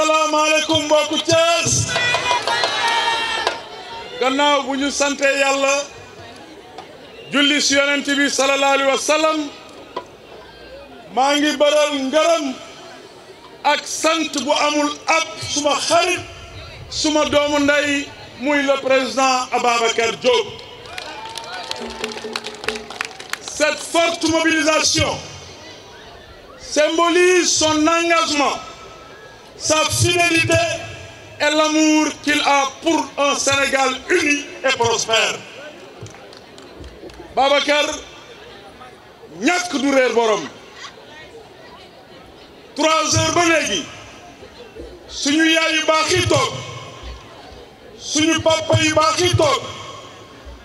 asalaamaaleykum mbokku Thiès gannaaw bu ñu sante yàlla julli si yonent bi maa ngi bëral ngërëm ak sant bu amul ab suma xarit suma doomu ndey muy le président Ababacar Diop cette forte mobilisation symbolise son engagement sa fidélité et l'amour qu'il a pour un Sénégal uni et prospère Babacar ñàkk du réer borom trois heures ba léegi suñu yaay yu baax yi toog suñu papa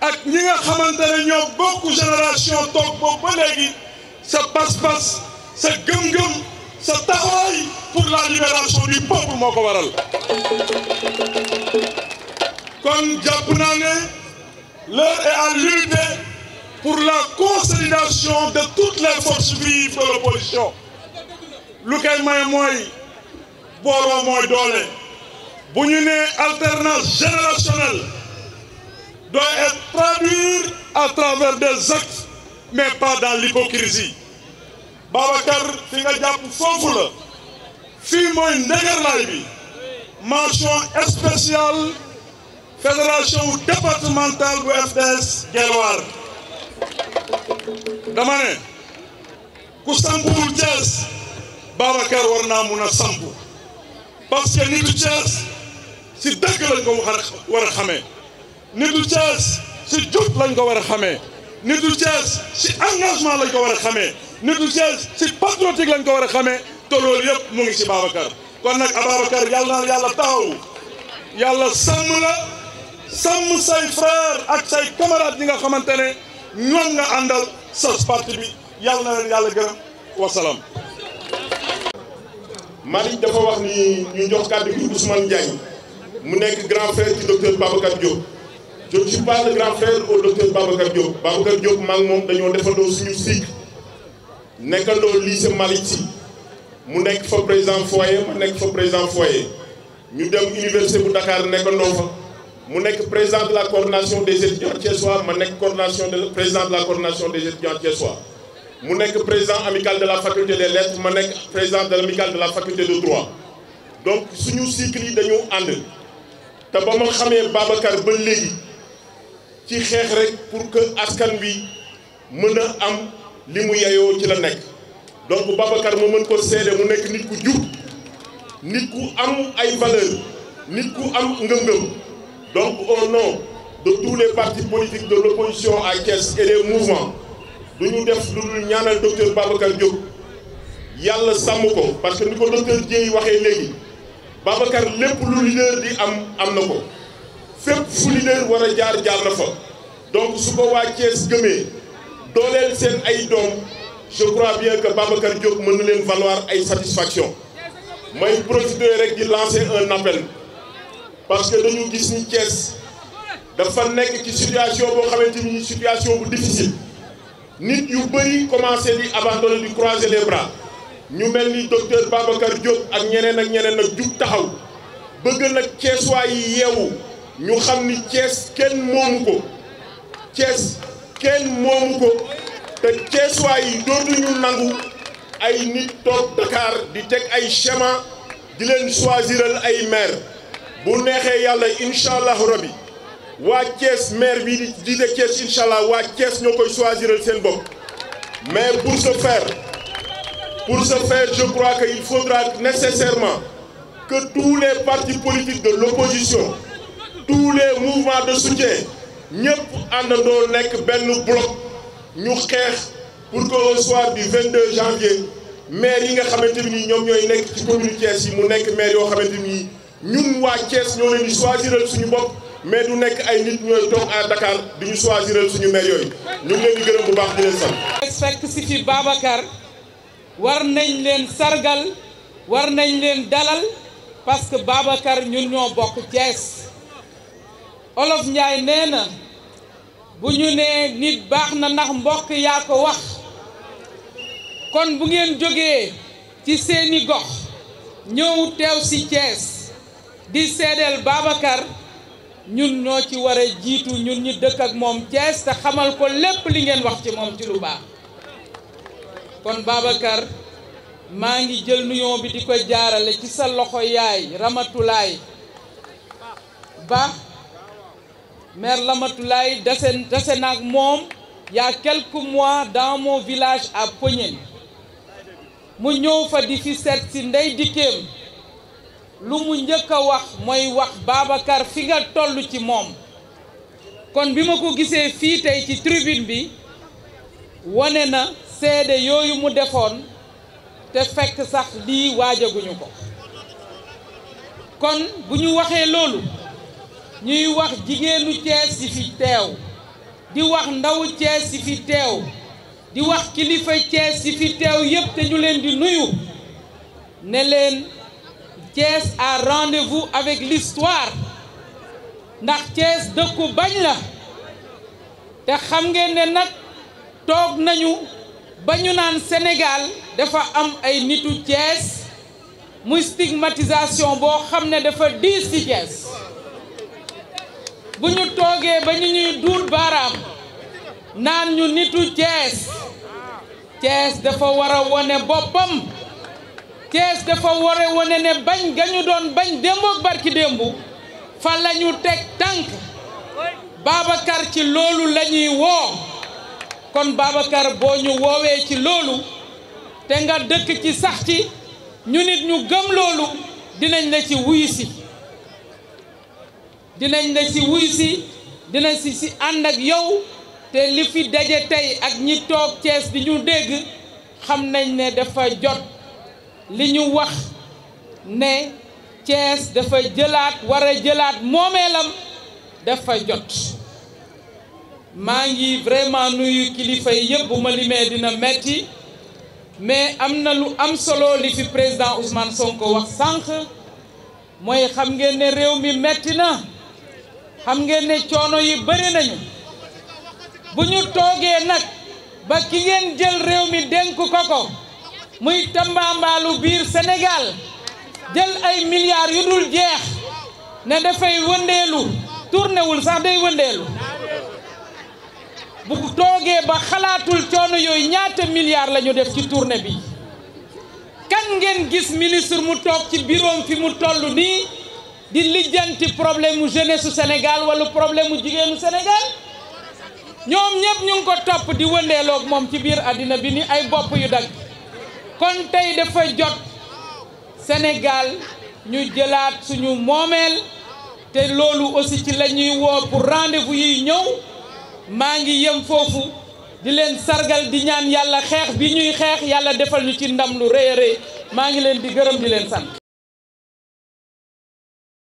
ak ñi nga xamante ne génération toog boobu ba sa pas-pas sa gëm-gëm sa taxawaay pour la libération du peuple moo ko waral kon jàpp est à lutter pour la consolidation de toutes les forces vives de l'opposition lu koy may mooy booloo mooy doole alternance générationnelle doit être traduite à travers des actes mais pas dans l'hypocrisie Babacar fi nga jàpp foofu la fii mooy ndëgërlaay bi mention spéciale fédération départementale bu FDS Guelwaar dama ne ku sampul Thiès Babacar war naa mun a samp parce que nitu Thiès si dëkk lañ ko war a xamee nitu Thiès si jub lañ ko war a xamee nitu Thiès si engagement lañ ko war a xamee nitu Thiès si patriotique lañ ko war a xamee te loolu yëpp mu ngi si Babacar kon nag Ababacar yàlla na yàlla taxaw yàlla sàmm la sàmm say frère ak say camarade ñi nga xamante ne ñoom nga àndal sa parti bi yàlla na leen yàlla gërëm wasalaam. Malick dafa wax ni ñu jox kàddu gi Ousmane Diagne mu nekk grand frère ci docteur Babacar Diop je suis pas le moom dañoo defandoo suñu cycle. nekkandoo lycée Malick Sy mu nekk fa président foyer ma nekk fa président foyer ñu dem université bu Dakar nekkandoo fa mu nekk président de la coordination des étudiants thiessois ma nekk coordination de président de la coordination des étudiants thiessois mu nekk président amical de la faculté des lettres ma nekk président de l'amical de la faculté de droit donc suñu cycle yi dañu ànd te ba ma xamee Babacar ba léegi ci xeex rek pour que askan wi mën a am li mu yeyoo ci la nekk donc Babacar ma mën ko seede mu nekk nit ku jub nit ku am ay valeur nit ku am ngëm-ngëm donc au nom de tous les partis politiques de l'opposition à Thiès et les du ñu def lu dul ñaanal docteur Babacar Diop yàlla sàmm ko parce que ni ko docteur Dieye waxee léegi Babacar lépp lu leader di am am na ko fépp fu leader war a jaar jaar na fa donc su ko waa Thiès gëmee dooleel seen ay doom je crois bien que Babacar Diop mën na leen valoir ay satisfaction may profiter rek di lancer un appel parce que dañu gis ni Thiès dafa nekk ci situation boo xamante ni situation bu difficile nit yu bëri commencé di abandonner di croiser les bras ñu mel ni docteur Babacar Diop ak ñeneen ak ñeneen nag jug taxaw bëgg nag Thiès yi yeewu ñu xam ni Thiès kenn moomu ko kenn moomu ko te Ceesuwaay yi dootuñu nangu ay nit toog Dakar di teg ay schéma di leen choisiral ay maire bu neexee yàlla incha allahu rabi waa Cees maire bi di jiite Cees incha waa Cees ñoo koy choisiral seen bopp mais pour ce faire pour ce faire je crois que il faudra nécessairement que tous les partis de l'opposition tous les de soutien ñëpp àndandoo nekk benn bloc ñu xeex pour que au soir du 22 janvier maire yi nga xamante ni ñoom ñooy nekk ci commune Thiès yi mu nekk maire yoo xamante ni ñun waa Thiès ñoo leen di choisiral suñu bopp mais du nekk ay nit ñooy toog à Dakar di ñu choisiral suñu maire yooyu ñu ngi leen di gërëm bu baax di leen sant. fekk si fi Babacar war nañ leen sargal war nañ leen dalal parce que Babacar ñun ñoo bokk Thiès. olof njaay nee na bu ñu nee nit baax na ndax mbokk yaa ko wax kon bu ngeen jógee ci seeni gox ñëw teew ci Thiès di seedeel baabakar ñun ñoo ci war a jiitu ñun ñu dëkk ak moom Thiès te xamal ko lépp li ngeen wax ci moom ci lu baax kon Babacar maa ngi jël nuyoo bi di ko jaarale ci sa loxo yaay Ramatulaay Ba maire Lamatoulaye dase dase naag moom il y moi quelques mois dans mon village à Pognène mu ñëw fa di fi seet si ndey dikkeem lu mu njëkk a wax mooy wax Babacar fi nga toll ci moom kon bi ma ko gisee fii tey ci tribune bi wane na seede yooyu mu defoon te fekk sax lii waajaguñu ko kon bu ñu waxee loolu ñuy wax jigéenu Cees si fi teew di wax ndawu Cees si fi teew di wax kilifa Cees si fi teew yépp te ñu leen di nuyu ne leen Cees à rendez-vous avec l'histoire ndax Cees dëkku bañ la te xam ngeen ne nag toog nañu ba ñu naan senegaal dafa am ay nitu Cees muy stigmatisation boo xam ne dafa diis ci Cees bu ñu toogee ba ñu ñuy duul baaraam naan ñu nitu Thiès Thiès dafa war a wone boppam Thiès dafa war a wone ne bañ ga ñu doon bañ démboog barki démbu fa lañuy teg tànk Babacar ci loolu la ñuy woo kon Babacar boo ñu woowee ci loolu te nga dëkk ci sax ci ñu nit ñu gëm loolu dinañ la ci wuyu si dinañ la ci wuy si dinañ si si ànd ak yow te li fi daje tey ak ñi toog Cees di ñu dégg xam nañ ne dafa jot li ñu wax ne Cees dafa jëlaat war a jëlaat moomeelam dafa jot maa ngi vraiment nuyu kilifa yi yëpp ma limee dina metti mais am na lu am solo li fi président Ousmane Sonko wax sànq mooy xam ngeen ne réew mi metti na xam ngeen ne coono yi bëri nañu bu ñu toogee nag ba ki ngeen jël réew mi dénk ko ko muy tambaambaalu biir Sénégal jël ay milliards yu dul jeex ne dafay wëndeelu tournéwul sax day wëndeelu bu toogee ba xalaatul coono yooyu ñaata milliards la def ci tournée bi kan ngeen gis ministre mu toog ci biroom fi mu toll nii di lijjanti problème mu jeunesse su Sénégal wala problème mu jigéenu senegal ñoom ñëpp ñu ngi ko topp di wëndeeloog moom ci biir àddina bi ni ay bopp yu dagg kon tey dafa jot Sénégal ñu jëlaat suñu moomeel te loolu aussi ci la ñuy woo pour rendez-vous yi ñëw maa ngi yem foofu di leen sargal di ñaan yàlla xeex bi ñuy xeex yàlla defal ñu ci ndam lu rëy a maa ngi leen di gërëm di leen sant